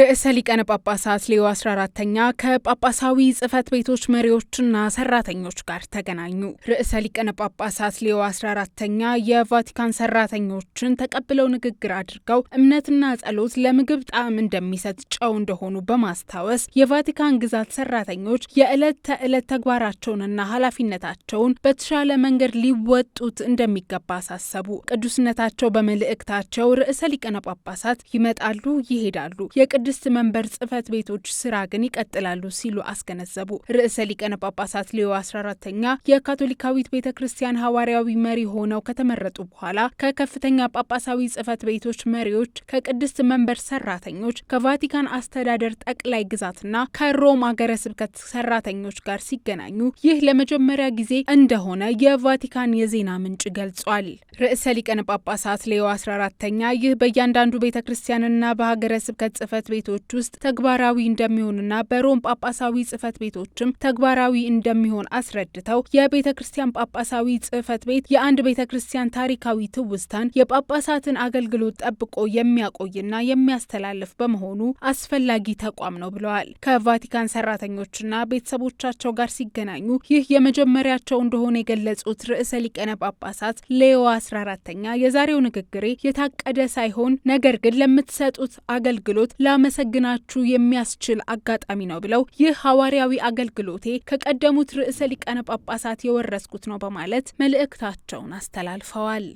ርዕሰ ሊቃነ ጳጳሳት ሌዮ 14ተኛ ከጳጳሳዊ ጽህፈት ቤቶች መሪዎችና ሰራተኞች ጋር ተገናኙ። ርዕሰ ሊቃነ ጳጳሳት ሌዮ 14ተኛ የቫቲካን ሰራተኞችን ተቀብለው ንግግር አድርገው እምነትና ጸሎት ለምግብ ጣዕም እንደሚሰጥ ጨው እንደሆኑ በማስታወስ የቫቲካን ግዛት ሰራተኞች የዕለት ተዕለት ተግባራቸውንና ኃላፊነታቸውን በተሻለ መንገድ ሊወጡት እንደሚገባ አሳሰቡ። ቅዱስነታቸው በመልእክታቸው ርዕሰ ሊቃነ ጳጳሳት ይመጣሉ፣ ይሄዳሉ ስድስት መንበር ጽህፈት ቤቶች ስራ ግን ይቀጥላሉ ሲሉ አስገነዘቡ። ርዕሰ ሊቀነ ጳጳሳት ሊዮ 14ተኛ የካቶሊካዊት ቤተ ክርስቲያን ሐዋርያዊ መሪ ሆነው ከተመረጡ በኋላ ከከፍተኛ ጳጳሳዊ ጽህፈት ቤቶች መሪዎች፣ ከቅድስት መንበር ሰራተኞች፣ ከቫቲካን አስተዳደር ጠቅላይ ግዛትና ከሮም አገረ ስብከት ሰራተኞች ጋር ሲገናኙ ይህ ለመጀመሪያ ጊዜ እንደሆነ የቫቲካን የዜና ምንጭ ገልጿል። ርዕሰ ሊቀነ ጳጳሳት ሌዮ 14ተኛ ይህ በእያንዳንዱ ቤተ ክርስቲያንና በሀገረ ስብከት ጽህፈት ቤቶች ውስጥ ተግባራዊ እንደሚሆንና በሮም ጳጳሳዊ ጽህፈት ቤቶችም ተግባራዊ እንደሚሆን አስረድተው የቤተ ክርስቲያን ጳጳሳዊ ጽህፈት ቤት የአንድ ቤተ ክርስቲያን ታሪካዊ ትውስታን የጳጳሳትን አገልግሎት ጠብቆ የሚያቆይና የሚያስተላልፍ በመሆኑ አስፈላጊ ተቋም ነው ብለዋል። ከቫቲካን ሰራተኞችና ቤተሰቦቻቸው ጋር ሲገናኙ ይህ የመጀመሪያቸው እንደሆነ የገለጹት ርዕሰ ሊቀነ ጳጳሳት ሌዮ 14ተኛ የዛሬው ንግግሬ የታቀደ ሳይሆን ነገር ግን ለምትሰጡት አገልግሎት ላመሰግናችሁ የሚያስችል አጋጣሚ ነው ብለው ይህ ሐዋርያዊ አገልግሎቴ ከቀደሙት ርዕሰ ሊቃነ ጳጳሳት የወረስኩት ነው በማለት መልእክታቸውን አስተላልፈዋል።